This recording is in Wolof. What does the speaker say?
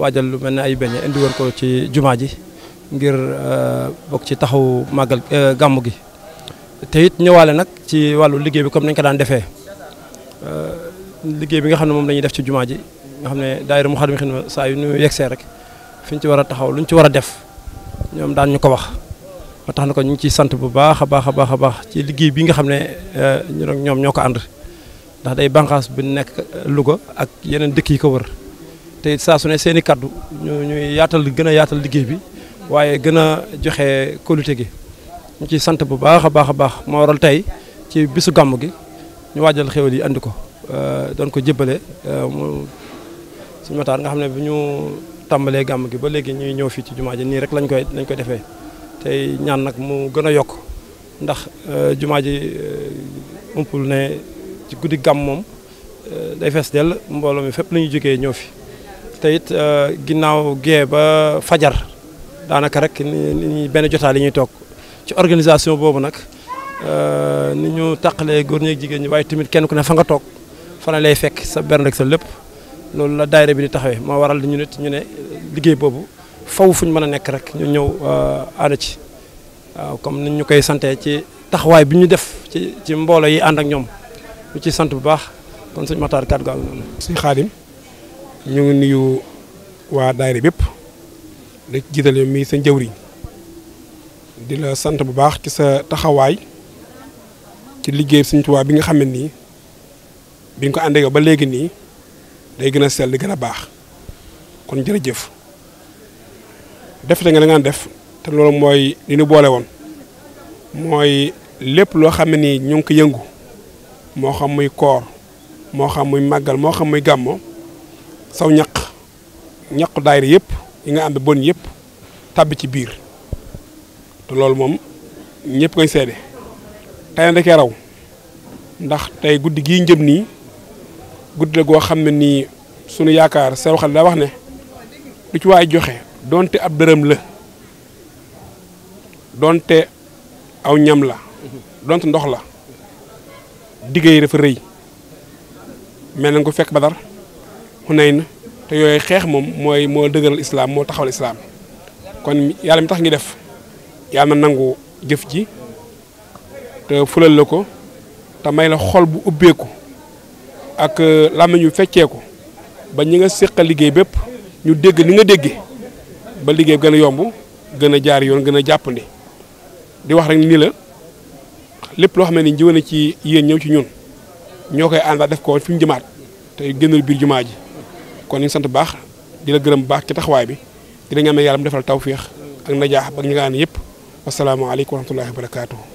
waajal lu mel ne ay beñe indi woon ko ci jumaa ji ngir euh, bokk ci taxaw màggal euh, gàmmu gi te it ñëwaale nag ci wàllu liggéey bi comme nañ ko daan defee euh, liggéey bi nga xam ne moom la def ci jumaa ji nga xam ne daayira mu xadim xidma saa yu nu yegsee rek fi ñu ci war a taxaw lu ñu ci war a def ñoom daan ñu ko wax ba tax na ko ñu ngi ciy sant bu baax a baax a baax a baax ci liggéey bii nga xam ne ñoom ñoo ko ànd ndax day bànqaas bu nekk Louga ak yeneen dëkk yi ko wër te saa su ne seen i kaddu ñu ñuy yaatal gën a yaatal liggéey bi waaye gën a joxe kóolute gi ñu ci sant bu baax a baax a baax moo waral tey ci bisu gàmm gi ñu waajal xéwal yi indi ko euh, doon ko jébbale euh, mu suñu nga xam ne bi ñu tàmbalee gàmm gi ba léegi ñuy ñëw fii ci jumaa ji nii rek lañ koy lañ koy defee tey ñaan nag mu gën a yokk ndax euh, jumaa ji umpul ne ci guddi gàmm moom day fees dell mbooloo mi fépp lañuy ñuy jógee ñëw fi te it euh, ginnaaw gée ba fajar daanaka rek ni benn jotaal li ñuy toog ci organisation boobu nag euh, ni ñu tàqalee góor ñeeg jigéen ñi waaye tamit kenn ku ne fa nga toog fa lay fekk sa benn rek sa lépp loolu la daayira bi di taxawee moo waral ñu nit ñu ne liggéey boobu faw fu ñu mën a nekk rek ñu ñëw euh, ànd ci comme ni ñu koy santee ci taxawaay bi ñu def ci ci mboolo yi ànd ak ñoom ñu ci sant bu baax kon suñu Matar kàddu gi noonu. si Xaadim ñu ngi nuyu waa daayira bépp da jiital yow mii sa njëwriñ di sant bu baax ci sa taxawaay ci liggéey Sëñ Tuubaa bi nga xam nii bi nga ko àndee ba léegi nii day gën a sell di gën a baax kon jërëjëf defte nga da def te loolu mooy li ñu boole woon mooy lépp loo xam ne nii ñu ngi ko yëngu moo xam muy koor moo xam muy màggal moo xam muy gàmmo saw ñaq ñaqu daayira yëpp yi nga ànd bon yëpp tàbbi ci biir te loolu moom ñëpp koy seede tey na dakee raw ndax tey guddi gii njëm nii guddi la goo xam ne nii sunu yaakaar sew xel daa wax ne lu ci waay joxe donte ab dërëm la donte aw ñam la donte ndox la diggéey dafa rëy mel na ko fekk Badar Hunayn te yooyu xeex moom mooy moo dëgëral islaam moo taxawal islaam kon yàlla mi tax ngi def yàlla na nangu jëf ji te fulal la ko te may la xol bu ubbeeku ak euh, làmmiñ yu fecceeku ba ñi nga séqal liggéey bépp ñu dégg ni nga déggee ba liggéey gën a yomb gën a jaar yoon gën a jàppandi di wax rek ni la lépp loo xam ne ni jiwane ci yéen ñëw ci ñun ñoo koy àndaat def ko fi jëmaat te génnal biir jumaa ji kon ñu ngi sant baax dina la gërëm baax ci taxawaay bi dinañ amee yàlla mu defal tawféex ak najaax ba ñu nga ànd yëpp wasalaamaaleykum wa rahmatullahi wa barakaatu.